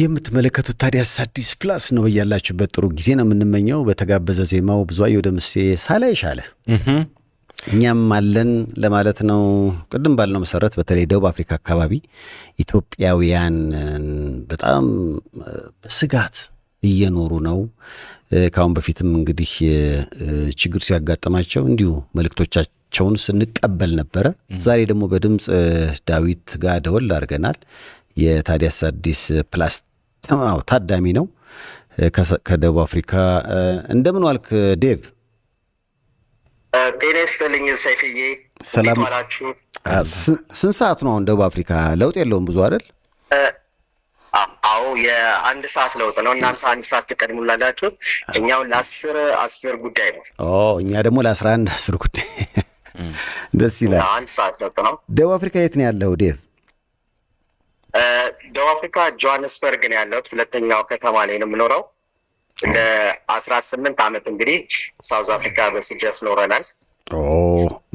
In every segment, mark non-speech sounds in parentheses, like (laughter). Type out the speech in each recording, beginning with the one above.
የምትመለከቱት ታዲያስ አዲስ ፕላስ ነው። እያላችሁበት ጥሩ ጊዜ ነው የምንመኘው። በተጋበዘ ዜማው ብዙአየሁ ደምሴ ሳላይ ሻለ እኛም አለን ለማለት ነው። ቅድም ባልነው መሰረት በተለይ ደቡብ አፍሪካ አካባቢ ኢትዮጵያውያን በጣም በስጋት እየኖሩ ነው። ከአሁን በፊትም እንግዲህ ችግር ሲያጋጥማቸው እንዲሁ መልእክቶቻቸውን ስንቀበል ነበረ። ዛሬ ደግሞ በድምፅ ዳዊት ጋር ደወል አድርገናል። የታዲያስ አዲስ ፕላስ ታዳሚ ነው ከደቡብ አፍሪካ። እንደምን ዋልክ ዴቭ? ጤና ይስጥልኝ ሰይፍዬ፣ ሰላም ዋላችሁ። ስንት ሰዓት ነው አሁን ደቡብ አፍሪካ? ለውጥ የለውም ብዙ አይደል? አዎ የአንድ ሰዓት ለውጥ ነው። እናንተ አንድ ሰዓት ትቀድሙላላችሁ። እኛው ለአስር አስር ጉዳይ ነው። እኛ ደግሞ ለአስራ አንድ አስር ጉዳይ። ደስ ይላል። አንድ ሰዓት ለውጥ ነው። ደቡብ አፍሪካ የት ነው ያለው ዴቭ? ደቡብ አፍሪካ ጆሃንስበርግ ነው ያለሁት። ሁለተኛው ከተማ ላይ ነው የምኖረው። ለአስራ ስምንት ዓመት እንግዲህ ሳውዝ አፍሪካ በስደት ኖረናል።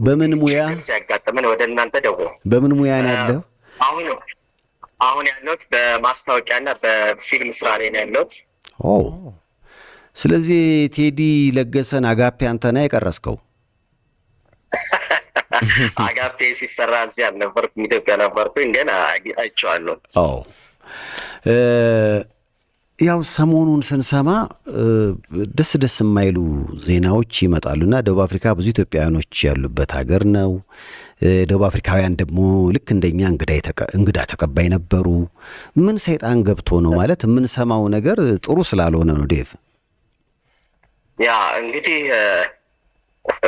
በምን ሙያ ሲያጋጥምን ወደ እናንተ ደወልኩ። በምን ሙያ ነው ያለው? አሁን አሁን ያለሁት በማስታወቂያና በፊልም ስራ ላይ ነው ያለሁት። ስለዚህ ቴዲ ለገሰን አጋፔ አንተና የቀረስከው (laughs) (laughs) አጋፔ ሲሰራ እዚህ አልነበርኩም፣ ኢትዮጵያ ነበርኩኝ፣ ግን አይቼዋለሁ። አዎ ያው ሰሞኑን ስንሰማ ደስ ደስ የማይሉ ዜናዎች ይመጣሉና ደቡብ አፍሪካ ብዙ ኢትዮጵያውያኖች ያሉበት ሀገር ነው። ደቡብ አፍሪካውያን ደግሞ ልክ እንደኛ እንግዳ ተቀባይ ነበሩ። ምን ሰይጣን ገብቶ ነው ማለት የምንሰማው ነገር ጥሩ ስላልሆነ ነው ዴቭ? ያ እንግዲህ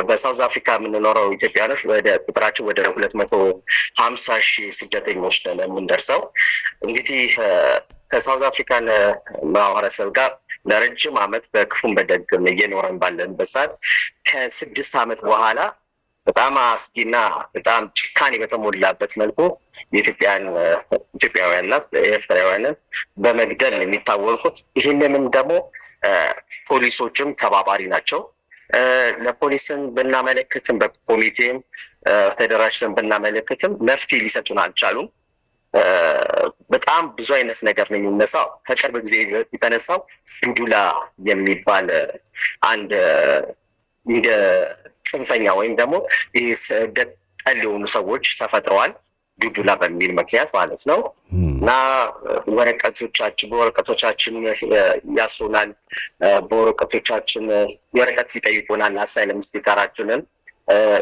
በሳውዝ አፍሪካ የምንኖረው ኢትዮጵያኖች ወደ ቁጥራችን ወደ ሁለት መቶ ሀምሳ ሺህ ስደተኞች ነን የምንደርሰው። እንግዲህ ከሳውዝ አፍሪካን ማህበረሰብ ጋር ለረጅም ዓመት በክፉም በደግም እየኖረን ባለንበት ሰዓት ከስድስት ዓመት በኋላ በጣም አስጊና በጣም ጭካኔ በተሞላበት መልኩ የኢትዮጵያን ኢትዮጵያውያንና ኤርትራውያንን በመግደል የሚታወቁት ይህንንም ደግሞ ፖሊሶችም ተባባሪ ናቸው። ለፖሊስን ብናመለክትም በኮሚቴም ተደራጅተን ብናመለክትም መፍትሄ ሊሰጡን አልቻሉም። በጣም ብዙ አይነት ነገር ነው የሚነሳው። ከቅርብ ጊዜ የተነሳው ዱዱላ የሚባል አንድ እንደ ጽንፈኛ ወይም ደግሞ ይህ ስደት ጠል የሆኑ ሰዎች ተፈጥረዋል። ዱዱላ በሚል ምክንያት ማለት ነው እና ወረቀቶቻችን በወረቀቶቻችን ያስሩናል። በወረቀቶቻችን ወረቀት ይጠይቁናል። አሳይለም ስቲከራችንን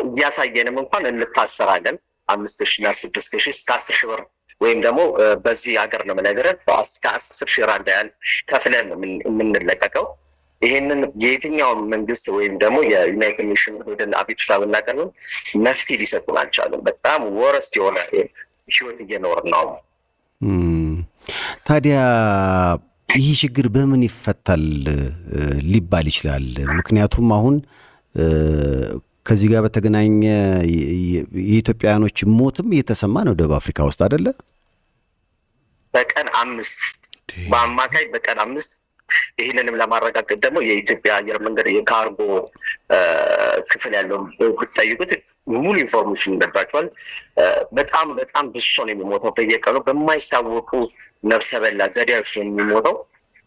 እያሳየንም እንኳን እንታሰራለን። አምስት ሺ እና ስድስት ሺ እስከ አስር ሺ ብር ወይም ደግሞ በዚህ ሀገር ነው የምነግርህ እስከ አስር ሺ ራንዳያል ከፍለን የምንለቀቀው ይሄንን የየትኛው መንግስት ወይም ደግሞ የዩናይትድ ኔሽን ሄደን አቤቱታ ብናቀርብም መፍትሄ ሊሰጡን አልቻለም። በጣም ወረስት የሆነ ህይወት እየኖር ነው። ታዲያ ይህ ችግር በምን ይፈታል ሊባል ይችላል? ምክንያቱም አሁን ከዚህ ጋር በተገናኘ የኢትዮጵያውያኖች ሞትም እየተሰማ ነው ደቡብ አፍሪካ ውስጥ አደለ? በቀን አምስት በአማካይ በቀን አምስት ይህንንም ለማረጋገጥ ደግሞ የኢትዮጵያ አየር መንገድ የካርጎ ክፍል ያለው ብትጠይቁት ሙሉ ኢንፎርሜሽን ይነግራቸዋል። በጣም በጣም ብዙ ሰው ነው የሚሞተው በየቀኑ በማይታወቁ ነፍሰበላ ገዳዮች ነው የሚሞተው።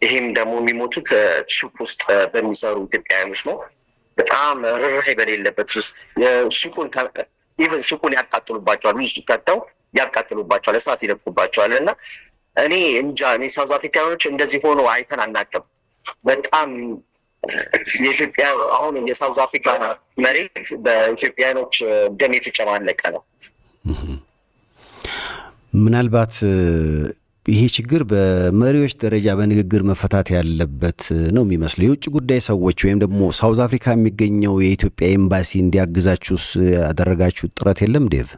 ይህም ደግሞ የሚሞቱት ሱቅ ውስጥ በሚሰሩ ኢትዮጵያውያኖች ነው። በጣም ርኅራኄ በሌለበት ሱቁን ኢቨን ሱቁን ያቃጥሉባቸዋል። ብዙ ከተው ያቃጥሉባቸዋል፣ እሳት ይለቁባቸዋል እና እኔ እንጃ እኔ ሳውዝ አፍሪካኖች እንደዚህ ሆኖ አይተን አናቅም። በጣም የኢትዮጵያ አሁን የሳውዝ አፍሪካ መሬት በኢትዮጵያኖች ደም የተጨማለቀ ነው። ምናልባት ይሄ ችግር በመሪዎች ደረጃ በንግግር መፈታት ያለበት ነው የሚመስለው። የውጭ ጉዳይ ሰዎች ወይም ደግሞ ሳውዝ አፍሪካ የሚገኘው የኢትዮጵያ ኤምባሲ እንዲያግዛችሁስ ያደረጋችሁ ጥረት የለም ዴቭ?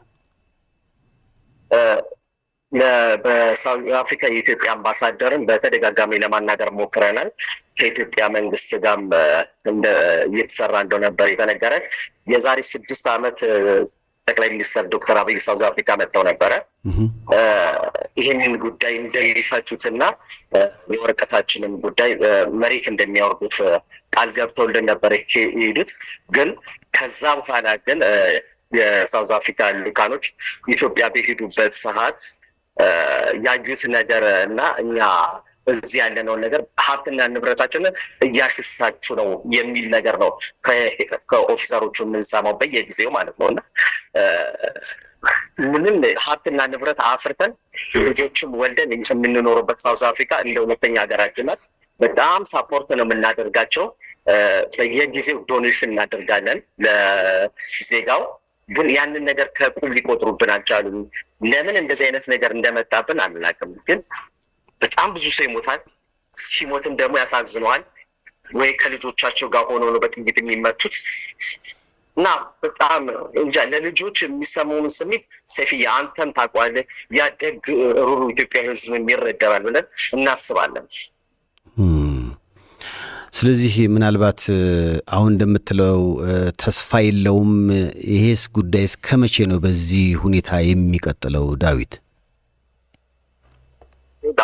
በሳውዝ አፍሪካ የኢትዮጵያ አምባሳደርን በተደጋጋሚ ለማናገር ሞክረናል። ከኢትዮጵያ መንግስት ጋም እየተሰራ እንደነበር የተነገረ የዛሬ ስድስት ዓመት ጠቅላይ ሚኒስትር ዶክተር አብይ ሳውዝ አፍሪካ መጥተው ነበረ። ይህንን ጉዳይ እንደሚፈቱትና የወረቀታችንም ጉዳይ መሬት እንደሚያወርዱት ቃል ገብተውልን ነበር የሄዱት። ግን ከዛ በኋላ ግን የሳውዝ አፍሪካ ልኡካኖች ኢትዮጵያ በሄዱበት ሰዓት ያዩት ነገር እና እኛ እዚህ ያለነውን ነገር ሀብትና ንብረታችንን እያሸሻችሁ ነው የሚል ነገር ነው ከኦፊሰሮቹ የምንሰማው በየጊዜው ማለት ነው። እና ምንም ሀብትና ንብረት አፍርተን ልጆችም ወልደን የምንኖርበት ሳውዝ አፍሪካ እንደ ሁለተኛ ሀገራችን ናት። በጣም ሳፖርት ነው የምናደርጋቸው። በየጊዜው ዶኔሽን እናደርጋለን ለዜጋው ግን ያንን ነገር ከቁም ሊቆጥሩብን አልቻሉም። ለምን እንደዚህ አይነት ነገር እንደመጣብን አናውቅም። ግን በጣም ብዙ ሰው ይሞታል። ሲሞትም ደግሞ ያሳዝነዋል። ወይ ከልጆቻቸው ጋር ሆኖ ነው በጥይት የሚመቱት እና በጣም እንጃ ለልጆች የሚሰማውን ስሜት ሰፊዬ አንተም ታውቀዋለህ። ያደግ ሩሩ ኢትዮጵያ ሕዝብ ይረዳናል ብለን እናስባለን። ስለዚህ ምናልባት አሁን እንደምትለው ተስፋ የለውም። ይሄስ ጉዳይ እስከ መቼ ነው በዚህ ሁኔታ የሚቀጥለው? ዳዊት፣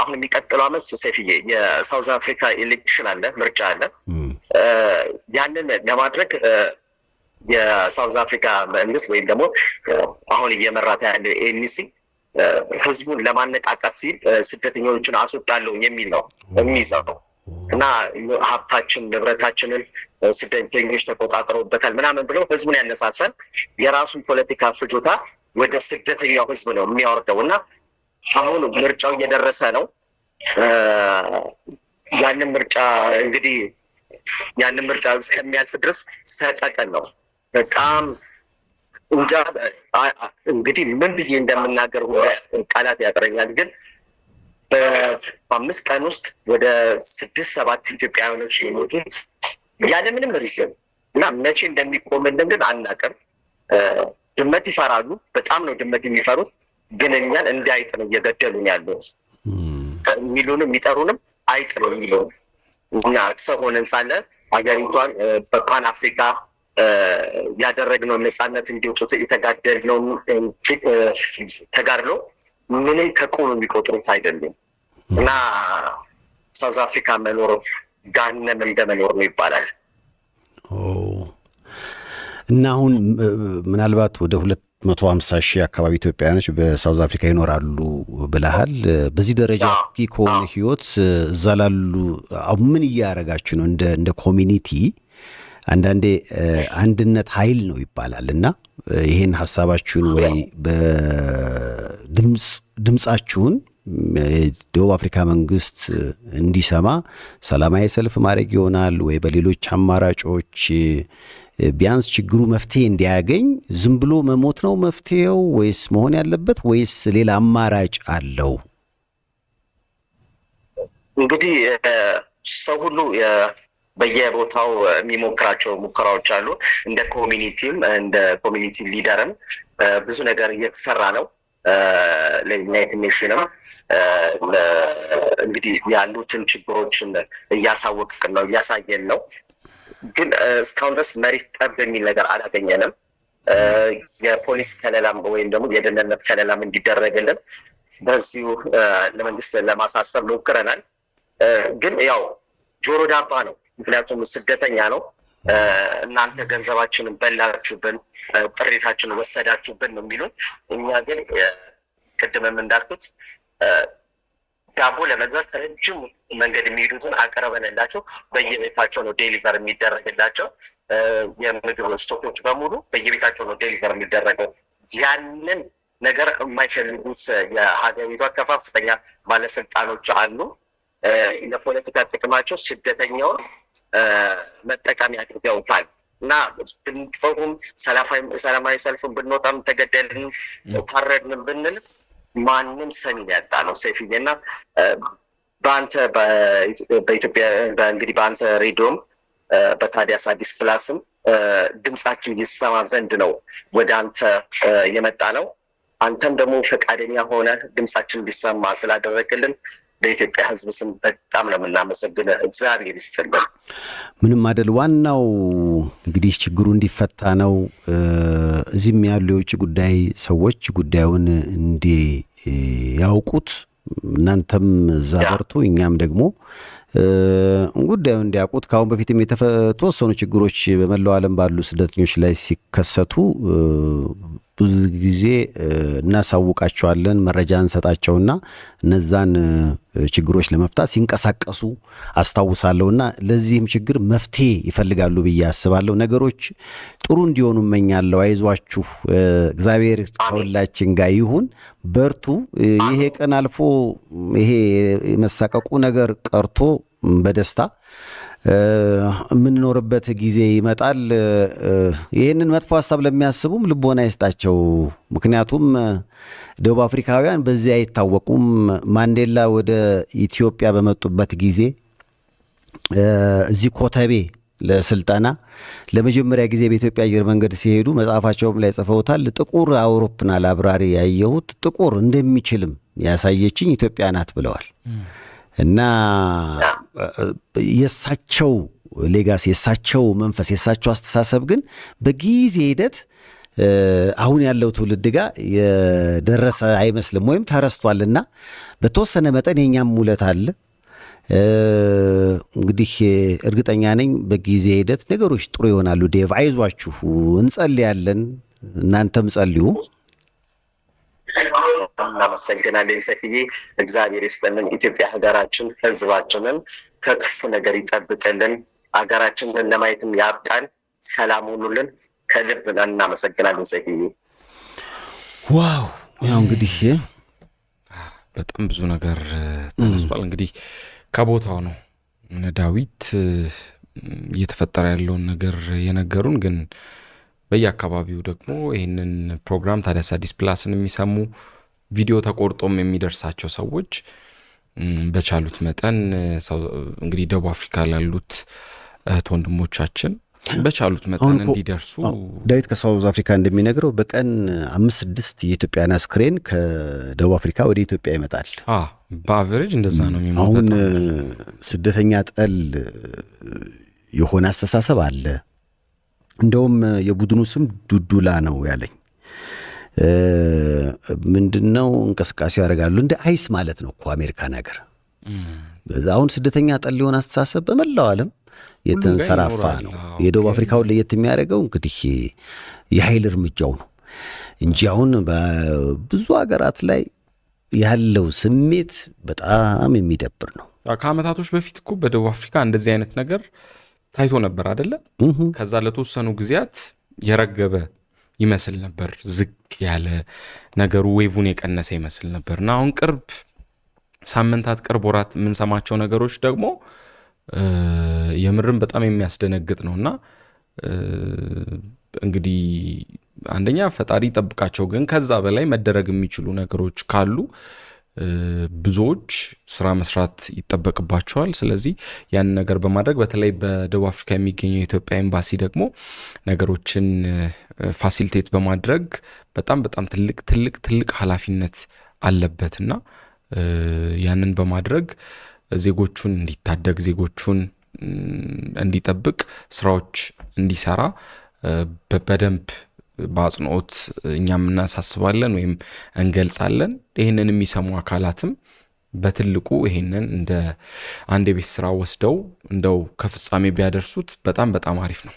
አሁን የሚቀጥለው አመት ሰይፍዬ የሳውዝ አፍሪካ ኤሌክሽን አለ፣ ምርጫ አለ። ያንን ለማድረግ የሳውዝ አፍሪካ መንግስት ወይም ደግሞ አሁን እየመራት ያለው ኤንሲ ህዝቡን ለማነቃቃት ሲል ስደተኞችን አስወጣለሁ የሚል ነው የሚይዘው እና ሀብታችን ንብረታችንን ስደተኞች ተቆጣጥረውበታል ምናምን ብለው ህዝቡን ያነሳሳል። የራሱን ፖለቲካ ፍጆታ ወደ ስደተኛው ህዝብ ነው የሚያወርደው እና አሁን ምርጫው እየደረሰ ነው። ያንን ምርጫ እንግዲህ ያንን ምርጫ እስከሚያልፍ ድረስ ሰቀቀን ነው። በጣም እንጃ እንግዲህ ምን ብዬ እንደምናገር ቃላት ያጥረኛል ግን በአምስት ቀን ውስጥ ወደ ስድስት ሰባት ኢትዮጵያውያኖች የሞቱት ያለምንም ሪዝን እና መቼ እንደሚቆምልን ግን አናውቅም። ድመት ይፈራሉ። በጣም ነው ድመት የሚፈሩት። ግን እኛን እንደ አይጥ ነው እየገደሉን ያሉት። የሚሉንም የሚጠሩንም አይጥ ነው የሚሉን እና ሰው ሆነን ሳለ ሀገሪቷን በፓን አፍሪካ ያደረግነውን ነፃነት እንዲወጡ የተጋደልነውን ተጋድሎ ምንም ከቁብ የሚቆጥሩት አይደሉም እና ሳውዝ አፍሪካ መኖር ጋነም እንደመኖር ነው ይባላል። እና አሁን ምናልባት ወደ ሁለት መቶ ሀምሳ ሺህ አካባቢ ኢትዮጵያውያኖች በሳውዝ አፍሪካ ይኖራሉ ብለሃል። በዚህ ደረጃ አስኪ ከሆነ ህይወት እዛ ላሉ ምን እያረጋችሁ ነው? እንደ ኮሚኒቲ አንዳንዴ አንድነት ኃይል ነው ይባላል እና ይህን ሀሳባችሁን ወይ ድምፃችሁን የደቡብ አፍሪካ መንግስት እንዲሰማ ሰላማዊ ሰልፍ ማድረግ ይሆናል ወይ በሌሎች አማራጮች ቢያንስ ችግሩ መፍትሄ እንዲያገኝ ዝም ብሎ መሞት ነው መፍትሄው ወይስ መሆን ያለበት ወይስ ሌላ አማራጭ አለው? እንግዲህ ሰው ሁሉ በየቦታው የሚሞክራቸው ሙከራዎች አሉ። እንደ ኮሚኒቲም እንደ ኮሚኒቲ ሊደርም ብዙ ነገር እየተሰራ ነው። ለዩናይትድ ኔሽንም እንግዲህ ያሉትን ችግሮችን እያሳወቅን ነው፣ እያሳየን ነው። ግን እስካሁን ድረስ መሬት ጠብ የሚል ነገር አላገኘንም። የፖሊስ ከለላም ወይም ደግሞ የደህንነት ከለላም እንዲደረግልን በዚሁ ለመንግስት ለማሳሰብ ሞክረናል። ግን ያው ጆሮ ዳባ ነው፣ ምክንያቱም ስደተኛ ነው። እናንተ ገንዘባችንን በላችሁብን፣ ጥሪታችንን ወሰዳችሁብን ነው የሚሉን። እኛ ግን ቅድምም እንዳልኩት ዳቦ ለመግዛት ረጅም መንገድ የሚሄዱትን አቅርበንላቸው በየቤታቸው ነው ዴሊቨር የሚደረግላቸው። የምግብ ስቶኮች በሙሉ በየቤታቸው ነው ዴሊቨር የሚደረገው። ያንን ነገር የማይፈልጉት የሀገሪቷ ከፍተኛ ባለስልጣኖች አሉ። ለፖለቲካ ጥቅማቸው ስደተኛውን መጠቀሚያ አድርገውታል። እና ብንጮሁም ሰላማዊ ሰልፍን ብንወጣም ተገደልን ታረድንም ብንል ማንም ሰሚን ያጣ ነው። ሰይፍዬ እና በአንተ በኢትዮጵያ እንግዲህ በአንተ ሬዲዮም በታዲያስ አዲስ ፕላስም ድምፃችን ይሰማ ዘንድ ነው ወደ አንተ የመጣ ነው። አንተም ደግሞ ፈቃደኛ ሆነ ድምፃችን እንዲሰማ ስላደረግልን በኢትዮጵያ ሕዝብ ስም በጣም ነው የምናመሰግነ። እግዚአብሔር ይስጥልን። ምንም አይደል። ዋናው እንግዲህ ችግሩ እንዲፈታ ነው። እዚህም ያሉ የውጭ ጉዳይ ሰዎች ጉዳዩን እንዲያውቁት እናንተም እዛ በርቱ፣ እኛም ደግሞ ጉዳዩ እንዲያውቁት ከአሁን በፊትም የተወሰኑ ችግሮች በመላው ዓለም ባሉ ስደተኞች ላይ ሲከሰቱ ብዙ ጊዜ እናሳውቃቸዋለን፣ መረጃ እንሰጣቸውና እነዛን ችግሮች ለመፍታት ሲንቀሳቀሱ አስታውሳለሁና ለዚህም ችግር መፍትሄ ይፈልጋሉ ብዬ አስባለሁ። ነገሮች ጥሩ እንዲሆኑ እመኛለሁ። አይዟችሁ፣ እግዚአብሔር ከሁላችን ጋር ይሁን። በርቱ። ይሄ ቀን አልፎ ይሄ የመሳቀቁ ነገር ቀርቶ በደስታ የምንኖርበት ጊዜ ይመጣል። ይህንን መጥፎ ሀሳብ ለሚያስቡም ልቦና ይስጣቸው። ምክንያቱም ደቡብ አፍሪካውያን በዚህ አይታወቁም። ማንዴላ ወደ ኢትዮጵያ በመጡበት ጊዜ እዚህ ኮተቤ ለስልጠና ለመጀመሪያ ጊዜ በኢትዮጵያ አየር መንገድ ሲሄዱ መጽሐፋቸውም ላይ ጽፈውታል። ጥቁር አውሮፕላን አብራሪ ያየሁት ጥቁር እንደሚችልም ያሳየችኝ ኢትዮጵያ ናት ብለዋል። እና የእሳቸው ሌጋሲ የእሳቸው መንፈስ የእሳቸው አስተሳሰብ ግን በጊዜ ሂደት አሁን ያለው ትውልድ ጋር የደረሰ አይመስልም ወይም ተረስቷልና በተወሰነ መጠን የኛም ውለት አለ። እንግዲህ እርግጠኛ ነኝ በጊዜ ሂደት ነገሮች ጥሩ ይሆናሉ። ዴቭ አይዟችሁ፣ እንጸልያለን፣ እናንተም ጸልዩ። እናመሰግናለን። ሰፊዬ እግዚአብሔር ይስጥልን። ኢትዮጵያ ሀገራችን ህዝባችንን ከክፉ ነገር ይጠብቅልን። ሀገራችንን ለማየትም ያብቃን። ሰላም ሁኑልን። ከልብ እናመሰግናለን ሰፊዬ። ዋው ያው እንግዲህ በጣም ብዙ ነገር ተነስቷል። እንግዲህ ከቦታው ነው እነ ዳዊት እየተፈጠረ ያለውን ነገር የነገሩን። ግን በየአካባቢው ደግሞ ይህንን ፕሮግራም ታዲያስ አዲስ ፕላስን የሚሰሙ ቪዲዮ ተቆርጦም የሚደርሳቸው ሰዎች በቻሉት መጠን እንግዲህ ደቡብ አፍሪካ ላሉት እህት ወንድሞቻችን በቻሉት መጠን እንዲደርሱ ዳዊት ከሳውዝ አፍሪካ እንደሚነግረው በቀን አምስት ስድስት የኢትዮጵያን አስክሬን ከደቡብ አፍሪካ ወደ ኢትዮጵያ ይመጣል። በአቨሬጅ እንደዛ ነው አሁን ስደተኛ ጠል የሆነ አስተሳሰብ አለ። እንደውም የቡድኑ ስም ዱዱላ ነው ያለኝ ምንድነው እንቅስቃሴ ያደርጋሉ። እንደ አይስ ማለት ነው እኮ አሜሪካ ነገር አሁን ስደተኛ ጠል የሆነ አስተሳሰብ በመላው ዓለም የተንሰራፋ ነው። የደቡብ አፍሪካውን ለየት የሚያደርገው እንግዲህ የኃይል እርምጃው ነው እንጂ አሁን በብዙ ሀገራት ላይ ያለው ስሜት በጣም የሚደብር ነው። ከአመታቶች በፊት እኮ በደቡብ አፍሪካ እንደዚህ አይነት ነገር ታይቶ ነበር አይደለም? ከዛ ለተወሰኑ ጊዜያት የረገበ ይመስል ነበር። ዝቅ ያለ ነገሩ ዌቡን የቀነሰ ይመስል ነበር እና አሁን ቅርብ ሳምንታት ቅርብ ወራት የምንሰማቸው ነገሮች ደግሞ የምርም በጣም የሚያስደነግጥ ነው እና እንግዲህ አንደኛ ፈጣሪ ይጠብቃቸው፣ ግን ከዛ በላይ መደረግ የሚችሉ ነገሮች ካሉ ብዙዎች ስራ መስራት ይጠበቅባቸዋል። ስለዚህ ያንን ነገር በማድረግ በተለይ በደቡብ አፍሪካ የሚገኘው የኢትዮጵያ ኤምባሲ ደግሞ ነገሮችን ፋሲሊቴት በማድረግ በጣም በጣም ትልቅ ትልቅ ትልቅ ኃላፊነት አለበት እና ያንን በማድረግ ዜጎቹን እንዲታደግ ዜጎቹን እንዲጠብቅ ስራዎች እንዲሰራ በደንብ በአጽንኦት እኛም እናሳስባለን ወይም እንገልጻለን። ይህንን የሚሰሙ አካላትም በትልቁ ይሄንን እንደ አንድ የቤት ስራ ወስደው እንደው ከፍጻሜ ቢያደርሱት በጣም በጣም አሪፍ ነው።